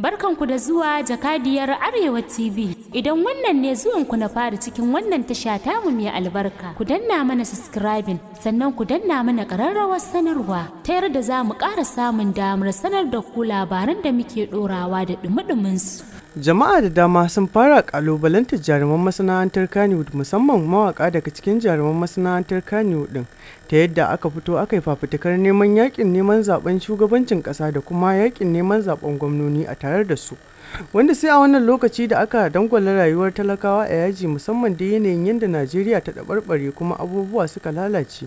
Barkanku da zuwa jakadiyar Arewa TV. Idan wannan ne zuwanku na fara cikin wannan tasha mu mai albarka, ku danna mana subscribing sannan ku danna mana ƙararrawar sanarwa ta yarda za mu ƙara samun damar sanar da ku labaran da muke ɗorawa da ɗumi su. Jama'a da dama sun fara ƙalubalantar jaruman masana'antar Kano musamman mawaƙa daga cikin jaruman masana'antar Kano ɗin. ta yadda aka fito aka yi fafutukar neman yakin neman zaben shugabancin kasa da kuma yakin neman zaben gwamnoni a tare da su wanda sai a wannan lokaci da aka dangwala rayuwar talakawa a yaji musamman da yanayin yadda najeriya ta ɗaɓarɓare kuma abubuwa suka lalace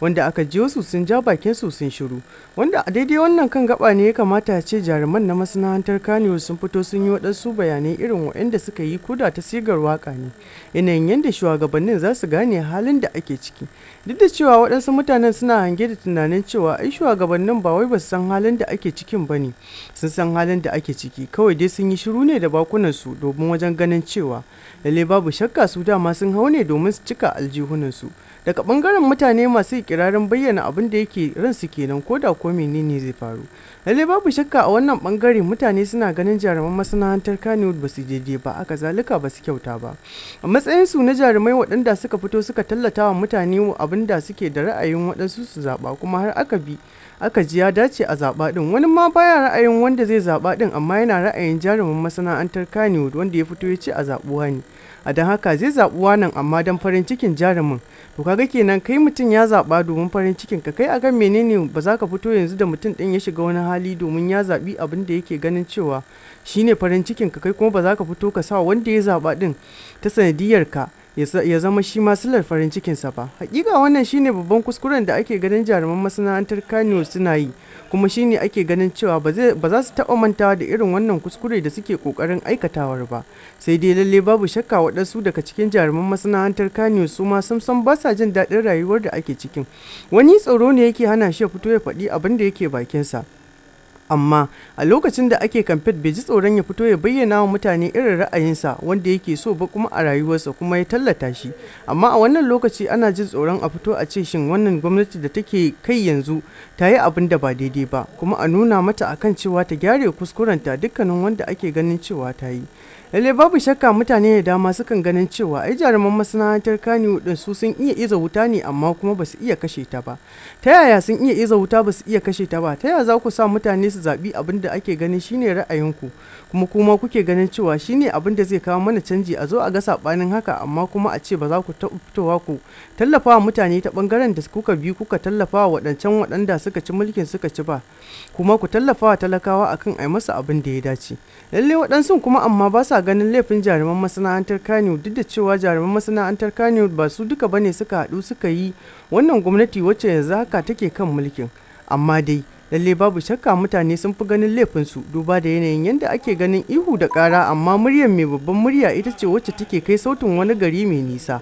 wanda aka ji wasu sun ja bakin su sun shiru wanda a daidai wannan kan gaba ne ya kamata a ce jaruman na masana'antar kaniyo sun fito sun yi waɗansu bayanai irin waɗanda suka yi kuda ta sigar waka ne yanayin yadda shugabannin za su gane halin da ake ciki duk da cewa waɗansu mutanen suna hange da tunanin cewa ai shugabannin ba wai basu san halin da ake cikin ba ne sun san halin da ake ciki kawai dai sun yi shiru ne da bakunansu domin wajen ganin cewa lalle babu shakka su dama sun hau ne domin su cika aljihunansu daga bangaren mutane masu ikirarin bayyana abin da yake ransu kenan ko da ko menene zai faru lalle babu shakka a wannan bangare mutane suna ganin jaruman masana'antar kanewood ba su daidai ba aka zalika ba su kyauta ba a matsayin su na jarumai waɗanda suka fito suka tallata wa mutane abin da suke da ra'ayin waɗansu su zaɓa kuma har aka bi aka ji ya dace a zaɓa ɗin wani ma baya ra'ayin wanda zai zaɓa ɗin amma yana ra'ayin jarumin masana'antar kaniwood wanda ya fito ya ce a zaɓuwa ne a don haka zai zaɓuwa nan amma don farin cikin jarumin to kaga kenan kai mutum ya zaɓa domin farin cikin ka kai akan menene ba za ka fito yanzu da mutum ɗin ya shiga wani hali domin ya zaɓi abin da yake ganin cewa shine farin cikin ka kai kuma ba za ka fito ka sa wanda ya zaɓa ɗin ta sanadiyar ka ya zama shi ma farin cikinsa ba hakika wannan shine babban kuskuren da ake ganin jaruman masana'antar kano suna yi kuma shine ake ganin cewa ba za su taɓa mantawa da irin wannan kuskure da suke ƙoƙarin aikatawar ba sai dai lalle babu shakka waɗansu daga cikin jaruman masana'antar kano su ma sam ba sa jin daɗin rayuwar da ake cikin wani tsoro ne yake hana shi ya fito ya faɗi abin da yake bakinsa amma a lokacin da ake kamfen bai ji tsoron ya fito ya bayyana wa mutane irin ra'ayinsa wanda yake so ba kuma a rayuwarsa kuma ya tallata shi amma a wannan lokaci ana jin tsoron a fito a ce shin wannan gwamnati da take kai yanzu ta yi abin da ba daidai ba kuma a nuna mata akan cewa ta gyare kuskurenta dukkanin wanda ake ganin cewa ta yi lalle babu shakka mutane da dama sukan ganin cewa ai jaruman masana'antar kaniwu din su sun iya iza wuta ne amma kuma ba su iya kashe ta ba ta yaya sun iya iza wuta ba su iya kashe ta ba ta yaya za ku sa mutane su zaɓi abin da ake ganin shine ra'ayinku kuma kuma kuke ganin cewa shine abin da zai kawo mana canji a zo a ga saɓanin haka amma kuma a ce ba za ku fitowa ku tallafa wa mutane ta ɓangaren da kuka bi kuka wa waɗancan waɗanda suka ci mulkin suka ci ba kuma ku tallafa wa talakawa akan ai masa abin da ya dace lallai waɗansu kuma amma ba sa ganin laifin jaruman masana'antar kano duk da cewa jaruman masana'antar kano ba su duka bane suka haɗu suka yi wannan gwamnati wacce yanzu haka take kan mulkin amma dai lalle babu shakka mutane sun fi ganin laifin su duba da yanayin yadda ake ganin ihu da kara amma muryar mai babban murya ita ce wacce take kai sautin wani gari mai nisa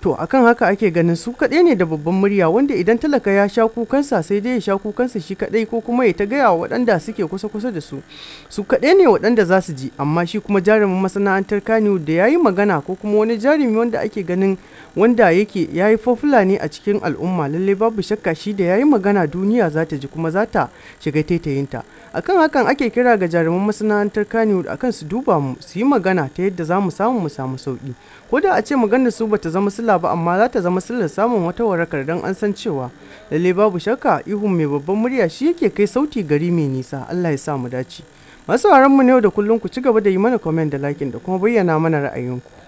to akan haka ake ganin su kaɗai ne da babban murya wanda idan talaka ya sha kukansa sai dai ya sha kukansa shi kaɗai ko kuma ya ta gaya wa waɗanda suke kusa kusa da su su kaɗai ne waɗanda za su ji amma shi kuma jarumin masana'antar kanu da ya yi magana ko kuma wani jarumi wanda ake ganin wanda yake ya yi fofula ne a cikin al'umma lallai babu shakka shi da ya yi magana duniya za ta ji kuma za ta shiga taitayinta akan hakan ake kira ga jaruman masana'antar kanu akan su duba mu su yi magana ta yadda za mu samu mu samu sauki ko da a ce maganar su bata zama sila matsala ba amma za ta zama sirrin samun wata warakar don an san cewa lalle babu shakka ihu mai babban murya shi yake kai sauti gari mai nisa Allah ya sa mu dace masu mu na yau da kullum ku ci gaba da yi mana comment da lakin da kuma bayyana mana ra'ayinku